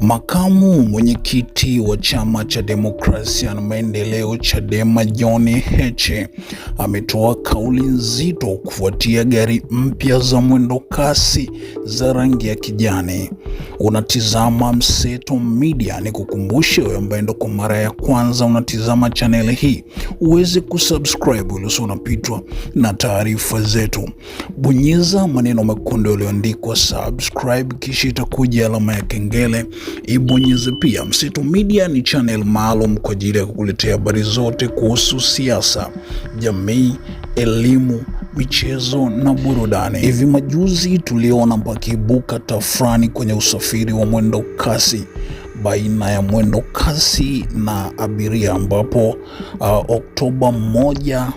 Makamu mwenyekiti wa chama cha demokrasia na maendeleo Chadema, John Heche ametoa kauli nzito kufuatia gari mpya za mwendo kasi za rangi ya kijani Unatizama Mseto Media, ni kukumbushe wewe ambaye ndo kwa mara ya kwanza unatizama chaneli hii uweze kusubscribe uliso unapitwa na taarifa zetu. Bonyeza maneno mekundu yaliyoandikwa subscribe, kisha itakuja alama ya kengele, ibonyeze pia. Mseto Media ni chanel maalum kwa ajili ya kukuletea habari zote kuhusu siasa, jamii, elimu michezo na burudani. Hivi majuzi tuliona pakiibuka tafrani kwenye usafiri wa mwendo kasi baina ya mwendo kasi na abiria ambapo uh, Oktoba moja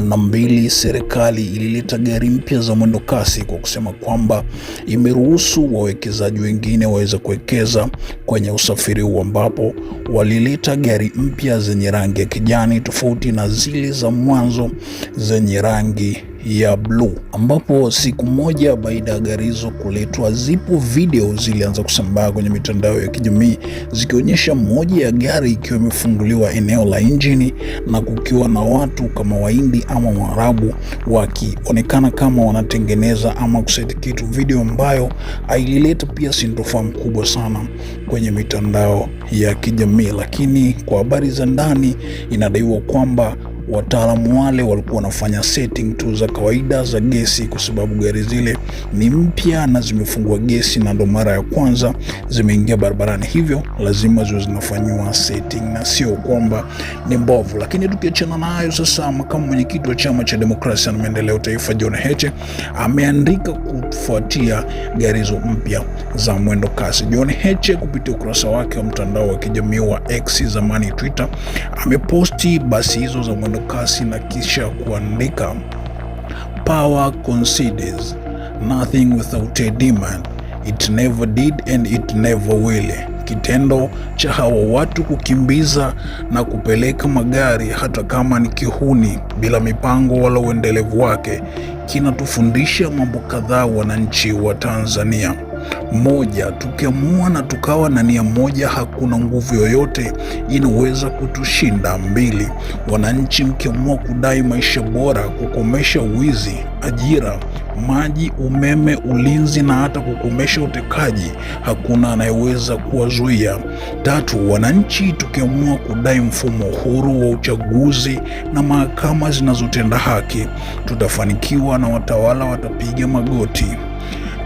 na mbili, serikali ilileta gari mpya za mwendo kasi kwa kusema kwamba imeruhusu wawekezaji wengine waweze kuwekeza kwenye usafiri huu, ambapo walileta gari mpya zenye rangi ya kijani tofauti na zile za mwanzo zenye rangi ya bluu, ambapo siku moja baada ya gari hizo kuletwa, zipo video zilianza kusambaa kwenye mitandao ya kijamii zikionyesha moja ya gari ikiwa imefunguliwa eneo la injini na kukiwa na watu kama Wahindi ama Waarabu wakionekana kama wanatengeneza ama kuseti kitu, video ambayo ailileta pia sintofahamu kubwa sana kwenye mitandao ya kijamii. Lakini kwa habari za ndani, inadaiwa kwamba wataalamu wale walikuwa wanafanya setting tu za kawaida za gesi, kwa sababu gari zile ni mpya na zimefungua gesi na ndo mara ya kwanza zimeingia barabarani, hivyo lazima ziwe zinafanyiwa setting na sio kwamba ni mbovu. Lakini tukiachana na hayo sasa, makamu mwenyekiti wa chama cha demokrasia na maendeleo taifa John Heche ameandika kufuatia gari hizo mpya za mwendo kasi. John Heche kupitia ukurasa wake wa mtandao wa kijamii wa X zamani Twitter ameposti basi hizo za mwendo kasi na kisha kuandika power concedes nothing without a demand it never did and it never will. Kitendo cha hawa watu kukimbiza na kupeleka magari, hata kama ni kihuni, bila mipango wala uendelevu wake, kinatufundisha mambo kadhaa, wananchi wa Tanzania moja, tukiamua na tukawa na nia moja, hakuna nguvu yoyote inaweza kutushinda. Mbili, wananchi mkiamua kudai maisha bora, kukomesha wizi, ajira, maji, umeme, ulinzi na hata kukomesha utekaji, hakuna anayeweza kuwazuia. Tatu, wananchi tukiamua kudai mfumo huru wa uchaguzi na mahakama zinazotenda haki, tutafanikiwa na watawala watapiga magoti.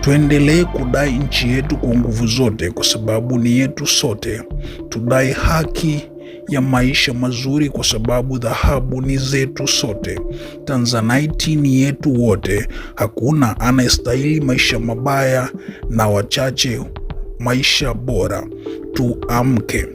Tuendelee kudai nchi yetu kwa nguvu zote, kwa sababu ni yetu sote. Tudai haki ya maisha mazuri, kwa sababu dhahabu ni zetu sote. Tanzanite ni yetu wote, hakuna anayestahili maisha mabaya na wachache maisha bora. Tuamke.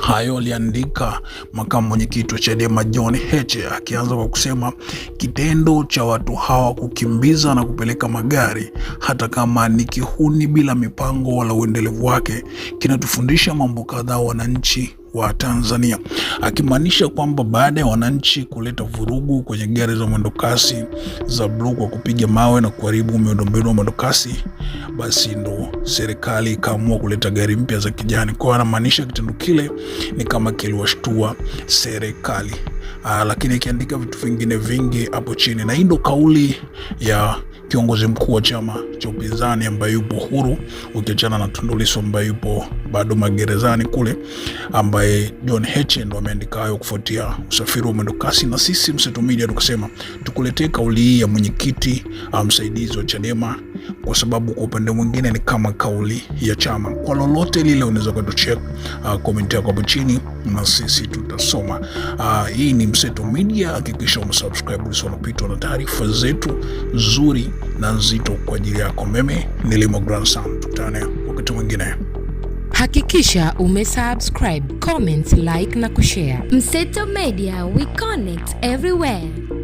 Hayo aliandika makamu mwenyekiti wa Chadema John Heche akianza kwa kusema kitendo cha watu hawa kukimbiza na kupeleka magari, hata kama ni kihuni, bila mipango wala uendelevu wake, kinatufundisha mambo kadhaa wananchi wa Tanzania, akimaanisha kwamba baada ya wananchi kuleta vurugu kwenye gari za mwendokasi za bluu kwa kupiga mawe na kuharibu miundombinu ya mwendokasi, basi ndo serikali ikaamua kuleta gari mpya za kijani. Kwa hiyo anamaanisha kitendo kile ni kama kiliwashtua serikali. Aa, ah, lakini akiandika vitu vingine vingi hapo chini, na hii ndo kauli ya kiongozi mkuu wa chama cha upinzani ambaye yupo huru, ukiachana na Tundu Lissu ambaye yupo bado magerezani kule, ambaye John Heche ndo ameandika hayo kufuatia usafiri wa mwendo kasi. Na sisi Mseto Media tukasema tukuletee kauli hii ya mwenyekiti msaidizi wa Chadema kwa sababu kwa upande mwingine ni kama kauli ya chama. Kwa lolote lile, unaweza kutuchek uh, comment yako hapo chini na sisi tutasoma. Uh, hii ni Mseto Media, hakikisha umesubscribe ili usipitwe na taarifa zetu nzuri na nzito kwa ajili yako. Mimi ni Limo Grand Sam, tukutane wakati mwingine. Hakikisha umesubscribe, comment, like na kushare. Mseto Media, we connect everywhere.